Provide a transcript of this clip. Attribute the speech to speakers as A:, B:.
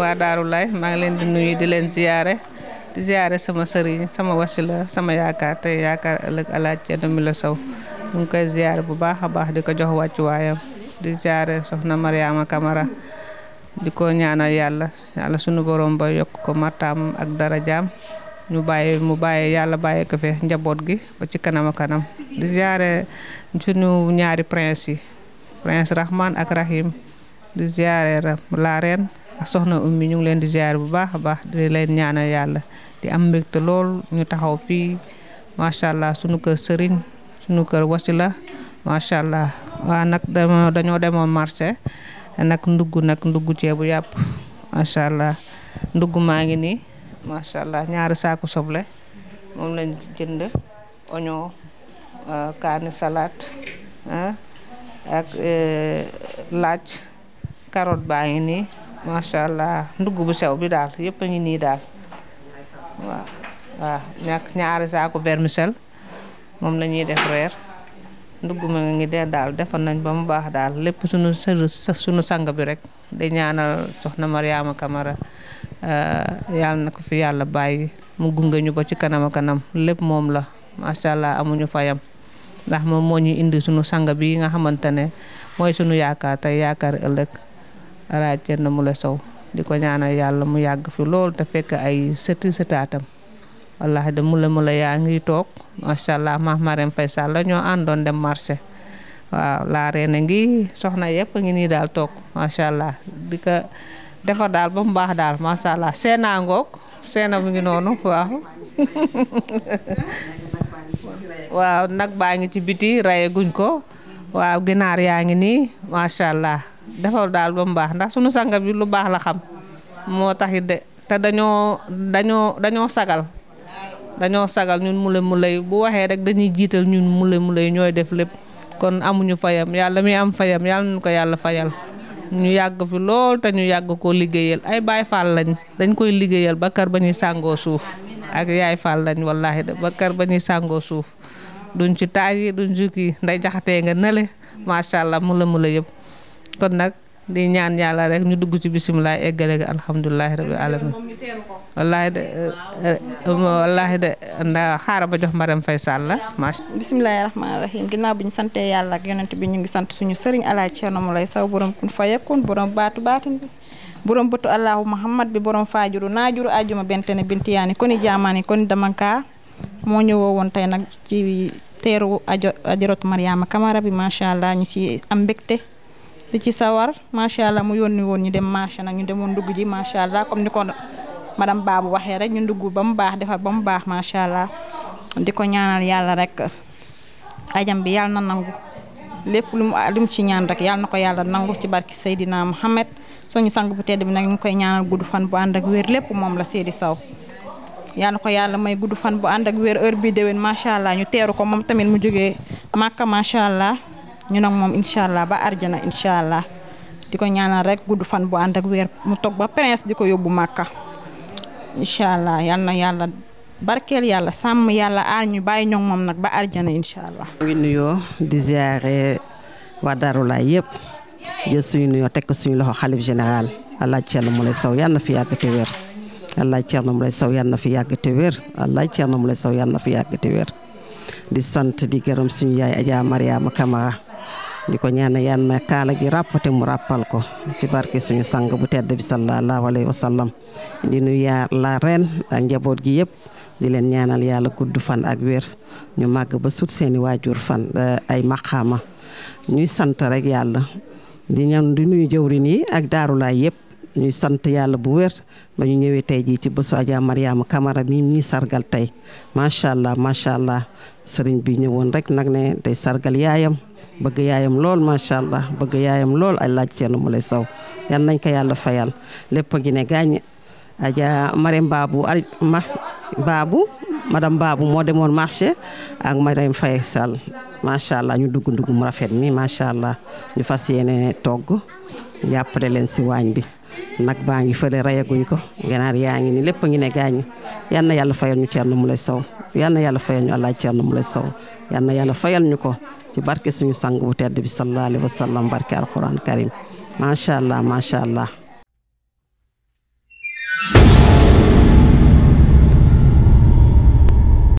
A: waa Darou Life maa ngi leen di nuyu di leen ziyaare di ziyaare sama sëriñ sama wasila sama yaakaar tey yaakaar ëllëg alaaj Thierno Moule Sow ñu ngi koy ziyaare bu baax a baax di ko jox wàccuwaayam di ziyaare soxna Mariama Kamara di ko ñaanal yàlla yàlla sunu borom ba yokk ko martaam ak darajaam ñu bàyyi mu bàyyi yàlla bàyyi ko fi njaboot gi ba ci kanam a kanam di ziare suñu ñaari prince yi prince Rahman ak Rahim di ziare la ak soxna ummi ñu ngi leen di ziar bu baax a baax di leen ñaanal yàlla di am mbégte lool ñu taxaw fii macha allah sunu kër sëriñ suñu kër wasila macha allah waa nag dañoo dañoo demoon marché nag ndugg nag ndugg ceebu yàpp macha allah ndugg maa ngi nii macha allah ñaari saaku soble moom lañ jënd oignon euh, kaani salade ak euh, laaj carotte baa ngi nii. macha allah ndugg bu sew bi daal yëpp a ngi nii daal waaw waaw ñaari saako vermicelle moom la ñuy def reer ndugg ma ngi dee daal defal nañ ba mu baax daal lépp sunu sunu sang bi rek di ñaanal soxna Mariama Kamara euh, yàlla na ko fi yàlla bàyyi mu gunge ñu ba ci kanam kanam lépp moom la macha allah amuñu fayam ndax moom moo ñu indi sunu sang bi nga xamante ne mooy sunu yaakaar tey yaakaar ëllëg. alaaj mu Moule Sow di ko ñaanal yàlla mu yàgg fi lool te fekk ay sëti sëtaatam wallaahi de Moule Moule yaa ngi toog macha allah ma Marème fay Sall ñoo àndoon dem marché waaw laaree na ngi soxna yëpp ngi nii daal toog macha allah di ko defar daal ba mu baax daal macha allah seenaa ngoog seena mu ngi noonu waaw. nag baa ngi ci biti raye guñ ko waaw ginaar yaa ngi nii macha allah defaru daal ba mu baax ndax sunu sanga bi lu baax la xam moo tax it de te dañoo dañoo dañoo sagal dañoo sagal ñun mule mulay bu waxee rek dañuy jiital ñun mule mulay ñooy def lépp kon amuñu fayam yàlla mi am fayam yàlla nañu ko yàlla fayal ñu yàgg fi lool te ñu yàgg koo liggéeyal ay baay faal lañ dañ koy liggéeyal ba kër ba ñuy sàngoo suuf ak yaay faal lañ wallaahi de ba kër ba ñuy sàngoo suuf duñ ci taay yi duñ ci kii nday jaxatee nga nele macha allah mule mule yëpp. kon nag di ñaan yàlla rek ñu dugg ci bisimilah eggale gi alhamdulilah rabi alamin de euh, euh, wallaahi a nda ba jox Marème fay Sall la macha bisimilahi rahmaani rahim ginnaaw bi ñu santee yàlla
B: ak yonent bi ñu ngi sant suñu sëriñ alaaj Ceerno Mulay Saw borom kun fa yakun borom baatu baatin bi borom bëtu allahu muhammad bi borom faajuru naajuru ajuma bentene bintiyaani koni jaamaani koni damanka moo ñëwoo woon tey nag ci teeru ajo ajaratu Mariama Kamara bi macha allah ñu ci am mbégte di ci sawar macha allah mu yónni woon ñu dem marché nag ñu demoon dugg ji macha allah comme ni ko madame Babou waxee rek ñu dugg ba mu baax defar ba mu baax macha allah di ko ñaanal yàlla rek ajam bi yàlla na nangu lépp lu mu lu mu ci ñaan rek yàlla na ko yàlla nangu ci barki Seydina Mohamed suñu sang bu tedd bi nag ñu ngi koy ñaanal gudd fan bu ànd ak wér lépp moom la Seydi Sow yàlla na ko yàlla may gudd fan bu ànd ak wér heure bi déwén macha allah ñu teeru ko moom tamit mu jógee Màkka macha allah. ñu nag moom incha allah ba arjana incha allah di ko ñaanal rek gudd fan bu ànd ak weer mu toog ba prince di ko yóbbu màkka incha allah yal na yàlla barkeel yàlla sàmm yàlla aar ñu bàyyi ñoom moom nag ba arjana incha allah.
C: ñu ngi nuyoo di ziare waa Daroulaye yëpp jël suñu nuyoo teg ko suñu loxo xalif général allah Thierno Moule Sow yal na fi yàgg te wér. allah Thierno Moule Sow yal na fi yàgg te wér allah Thierno Moule Sow yal na fi yàgg te wér di sant di gërëm suñu yaay di ko ñaan yal na kaala gi ràppate mu ràppal ko ci barke suñu sang bu tedd bi sallallahu alayhi wa sallam di nuyu yaa la ren ak njaboot gi yëpp di leen ñaanal yàlla gudd fan ak wér ñu màgg ba sut seeni waajur fan eh, ay maqaama ñuy sant rek yàlla di ñaan di nuyu jëw jëwrin yi ak daarulaay yëpp ñuy sant yàlla bu wér ba ñu ñëwee tey jii ci bésu Adja Mariama Kamara mi ñi sargal tey macha allah macha allah sëriñ bi ñëwoon rek nag ne day sargal yaayam. bëgg yaayam lool macha allah bëgg yaayam lool ay laaj Thierno Moule Sow yal nañ ko yàlla fayal lépp a ngi ne gaañ aja Marème Babou ar ma Babou madame Babou moo demoon marché ak Marème Faye Sall macha allah ñu dugg ndugg mu rafet mi macha allah ñu fas yéene togg jàppale leen si waañ bi. nag baa ngi fële rayaguñ ko ganaar yaa ngi ni lépp a ngi ne gaañ yal na yàlla fayal ñu Thierno Moule Sow yal na yàlla fayal ñu Alaaji Thierno Moule Sow yal na yàlla fayal ñu ko. ci barke suñu sang bu tedd bi sallallahu alayhi wa sallam barke alquran karim macha allah macha allah.